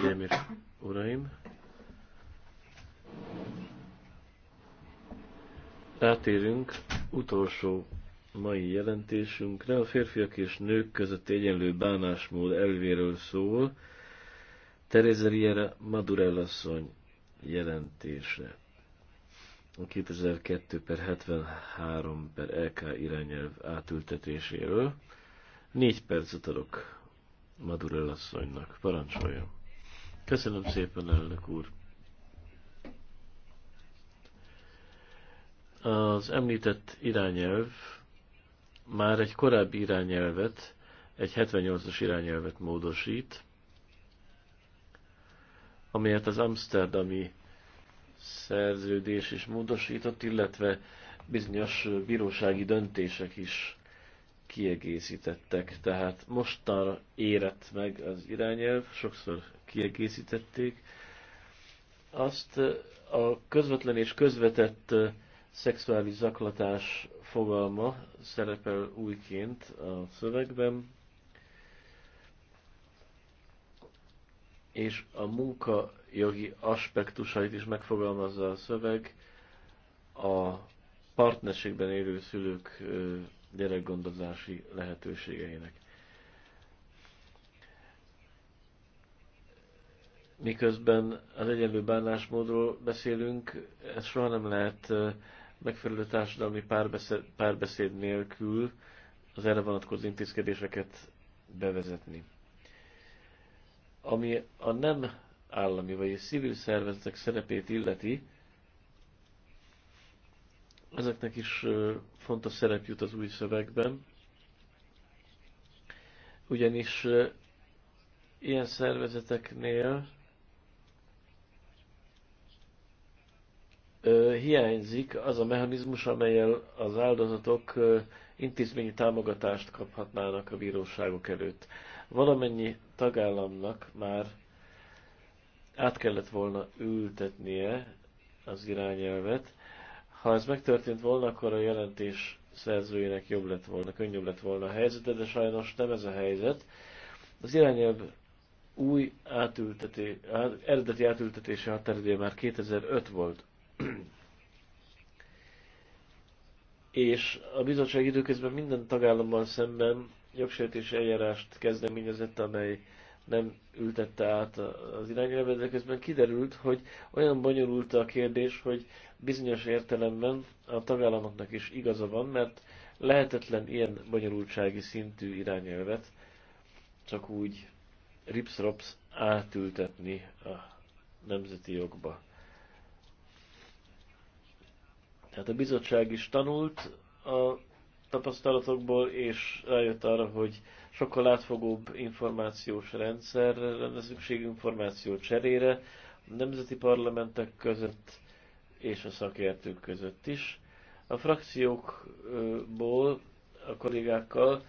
hölgyeim és uraim! Rátérünk utolsó mai jelentésünkre. A férfiak és nők között egyenlő bánásmód elvéről szól Teresa Riera asszony jelentése. A 2002 per 73 per LK irányelv átültetéséről. Négy percet adok Madurella asszonynak. Parancsoljon! Köszönöm szépen, elnök úr. Az említett irányelv már egy korábbi irányelvet, egy 78-as irányelvet módosít, amelyet az Amsterdami szerződés is módosított, illetve bizonyos bírósági döntések is kiegészítettek. Tehát mostanra érett meg az irányelv, sokszor kiegészítették. Azt a közvetlen és közvetett szexuális zaklatás fogalma szerepel újként a szövegben, és a munka jogi aspektusait is megfogalmazza a szöveg a partnerségben élő szülők gyerekgondozási lehetőségeinek. miközben az egyenlő bánásmódról beszélünk, ez soha nem lehet megfelelő társadalmi párbeszéd, párbeszéd nélkül az erre vonatkozó intézkedéseket bevezetni. Ami a nem állami vagy civil szervezetek szerepét illeti, ezeknek is fontos szerep jut az új szövegben, ugyanis ilyen szervezeteknél hiányzik az a mechanizmus, amelyel az áldozatok intézményi támogatást kaphatnának a bíróságok előtt. Valamennyi tagállamnak már át kellett volna ültetnie az irányelvet. Ha ez megtörtént volna, akkor a jelentés szerzőjének jobb lett volna, könnyebb lett volna a helyzete, de sajnos nem ez a helyzet. Az irányelv új átülteté, eredeti átültetése határidője már 2005 volt. és a bizottság időközben minden tagállamban szemben jogsértési eljárást kezdeményezett, amely nem ültette át az irányelvet, de közben kiderült, hogy olyan bonyolult a kérdés, hogy bizonyos értelemben a tagállamoknak is igaza van, mert lehetetlen ilyen bonyolultsági szintű irányelvet csak úgy ripsrops átültetni a nemzeti jogba. Tehát a bizottság is tanult a tapasztalatokból, és rájött arra, hogy sokkal átfogóbb információs rendszerre lenne szükség információ cserére a nemzeti parlamentek között és a szakértők között is. A frakciókból, a kollégákkal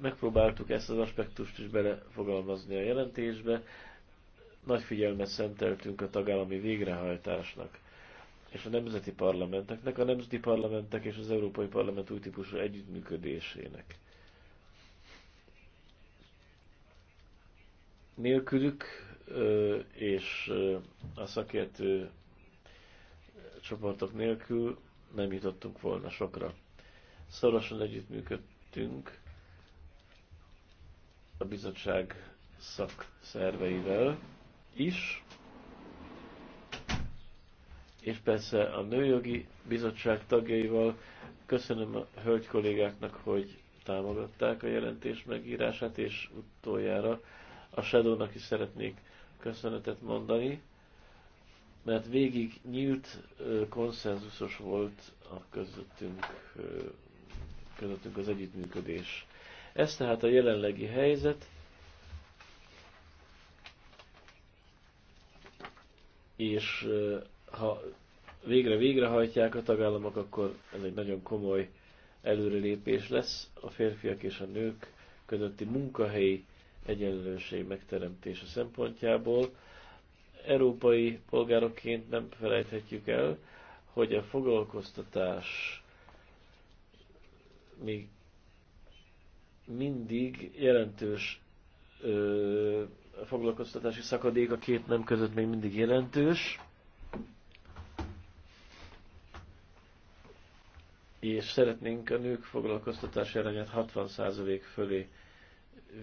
megpróbáltuk ezt az aspektust is belefogalmazni a jelentésbe. Nagy figyelmet szenteltünk a tagállami végrehajtásnak és a nemzeti parlamenteknek, a nemzeti parlamentek és az Európai Parlament új típusú együttműködésének. Nélkülük és a szakértő csoportok nélkül nem jutottunk volna sokra. Szorosan együttműködtünk a bizottság szakszerveivel is, és persze a Nőjogi Bizottság tagjaival. Köszönöm a hölgy kollégáknak, hogy támogatták a jelentés megírását, és utoljára a Shadownak is szeretnék köszönetet mondani, mert végig nyílt konszenzusos volt a közöttünk, közöttünk az együttműködés. Ez tehát a jelenlegi helyzet. És ha végre végrehajtják a tagállamok, akkor ez egy nagyon komoly előrelépés lesz a férfiak és a nők közötti munkahelyi egyenlőség megteremtése szempontjából. Európai polgárokként nem felejthetjük el, hogy a foglalkoztatás még mindig jelentős ö, a foglalkoztatási szakadék a két nem között még mindig jelentős. és szeretnénk a nők foglalkoztatási arányát 60% fölé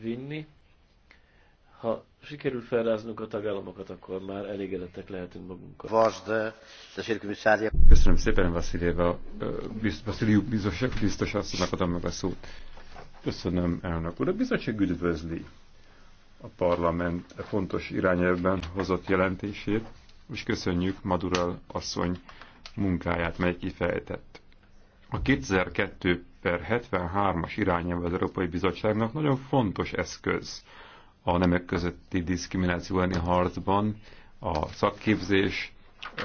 vinni. Ha sikerül felráznunk a tagállamokat, akkor már elégedettek lehetünk magunkkal. Vasd, Köszönöm szépen, Vaszilieva. Vasziliu biztos, biztos asszonynak adom meg a szót. Köszönöm, elnök úr. A bizottság üdvözli a parlament fontos irányelvben hozott jelentését, és köszönjük Madural asszony munkáját, mely kifejtett. A 2002 per 73-as irányelv az Európai Bizottságnak nagyon fontos eszköz a nemek közötti diszkrimináció elleni harcban, a szakképzés,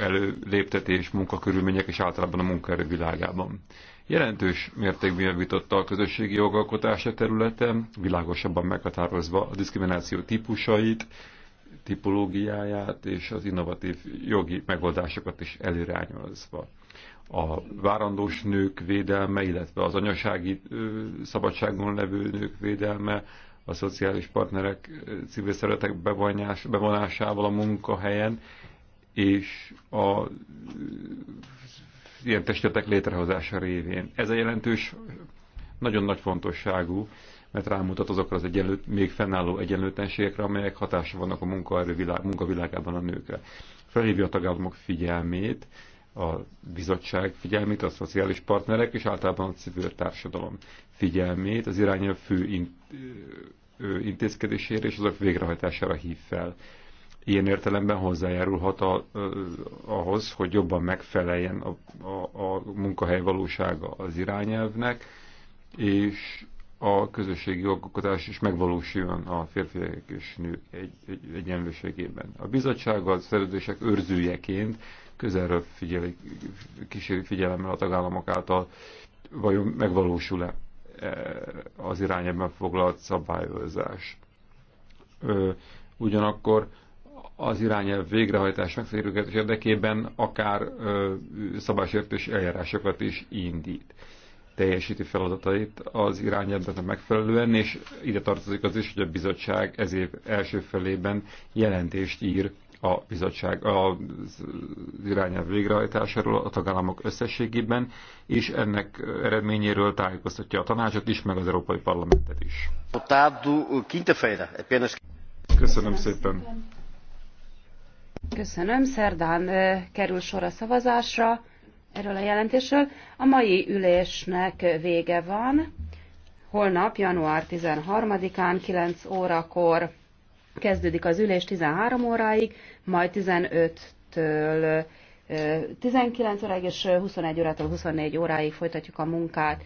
előléptetés, munkakörülmények és általában a munkaerő világában. Jelentős mértékben javította a közösségi jogalkotása területen, világosabban meghatározva a diszkrimináció típusait, tipológiáját és az innovatív jogi megoldásokat is előrányozva a várandós nők védelme, illetve az anyasági szabadságon levő nők védelme, a szociális partnerek, civil szeretek bevonásával a munkahelyen, és a ilyen testetek létrehozása révén. Ez a jelentős, nagyon nagy fontosságú, mert rámutat azokra az egyenlő, még fennálló egyenlőtlenségekre, amelyek hatása vannak a munkaerő világ, munkavilágában a nőkre. Felhívja a tagállamok figyelmét a bizottság figyelmét, a szociális partnerek és általában a civil társadalom figyelmét az irányelv fő intézkedésére és azok végrehajtására hív fel. Ilyen értelemben hozzájárulhat a, ahhoz, hogy jobban megfeleljen a, a, a munkahely valósága az irányelvnek, és a közösségi jogalkotás is megvalósuljon a férfiak és nők egy, egy, egyenlőségében. A bizottság a szerződések őrzőjeként közelről figyelik, kísérik figyelemmel a tagállamok által, vajon megvalósul-e e, az ebben foglalt szabályozás. Ugyanakkor az irányelv végrehajtás megszerűgetés érdekében akár szabálysértős eljárásokat is indít. Teljesíti feladatait az irányelvben megfelelően, és ide tartozik az is, hogy a bizottság ez év első felében jelentést ír a bizottság az irányelv végrehajtásáról a tagállamok összességében, és ennek eredményéről tájékoztatja a tanácsot is, meg az Európai Parlamentet is. Köszönöm szépen. Köszönöm. Szerdán kerül sor a szavazásra erről a jelentésről. A mai ülésnek vége van. Holnap, január 13-án, 9 órakor kezdődik az ülés 13 óráig, majd 15-től 19 óráig és 21 órától 24 óráig folytatjuk a munkát.